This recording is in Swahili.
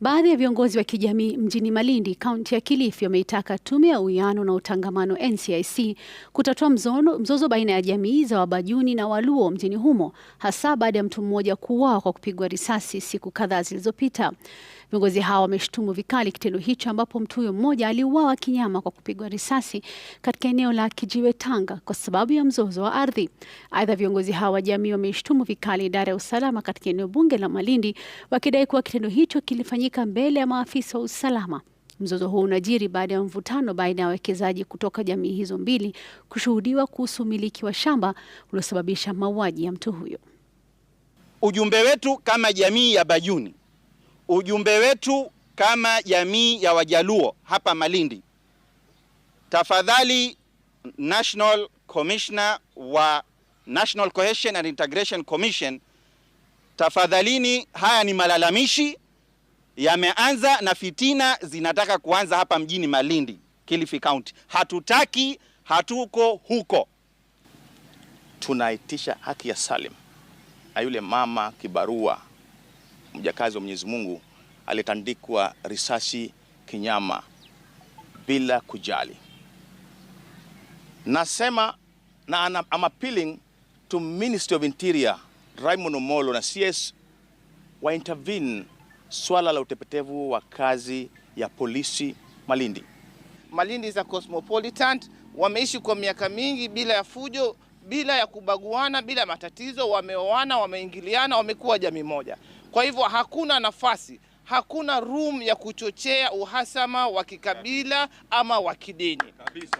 Baadhi ya viongozi wa kijamii mjini Malindi, kaunti ya Kilifi, wameitaka tume ya uwiano na utangamano NCIC kutatua mzono, mzozo baina ya jamii za Wabajuni na Waluo mjini humo, hasa baada ya mtu mmoja kuuawa kwa kupigwa risasi siku kadhaa zilizopita. Viongozi hao wameshtumu vikali kitendo hicho, ambapo mtu huyo mmoja aliuawa kinyama kwa kupigwa risasi katika eneo la Kijiwe, Tanga, kwa sababu ya mzozo wa ardhi. Aidha, viongozi hao wa jamii wameshtumu vikali idara ya usalama katika eneo bunge la Malindi, wakidai kuwa kitendo hicho kilifanyika kufanyika mbele ya maafisa wa usalama. Mzozo huu unajiri baada ya mvutano baina ya wawekezaji kutoka jamii hizo mbili kushuhudiwa kuhusu umiliki wa shamba uliosababisha mauaji ya mtu huyo. Ujumbe wetu kama jamii ya Bajuni, ujumbe wetu kama jamii ya Wajaluo hapa Malindi, tafadhali National Commissioner wa National Cohesion and Integration Commission, tafadhalini, haya ni malalamishi yameanza na fitina zinataka kuanza hapa mjini Malindi, Kilifi County. Hatutaki, hatuko huko. Tunaitisha haki ya Salim na yule mama kibarua, mjakazi wa Mwenyezi Mungu alitandikwa risasi kinyama bila kujali. Nasema na I'm, I'm appealing to Ministry of Interior Raymond Omolo na CS wa intervene swala la utepetevu wa kazi ya polisi Malindi. Malindi za cosmopolitan wameishi kwa miaka mingi bila ya fujo, bila ya kubaguana, bila matatizo, wameoana, wameingiliana, wamekuwa jamii moja. Kwa hivyo hakuna nafasi, hakuna room ya kuchochea uhasama wa kikabila ama wa kidini kabisa.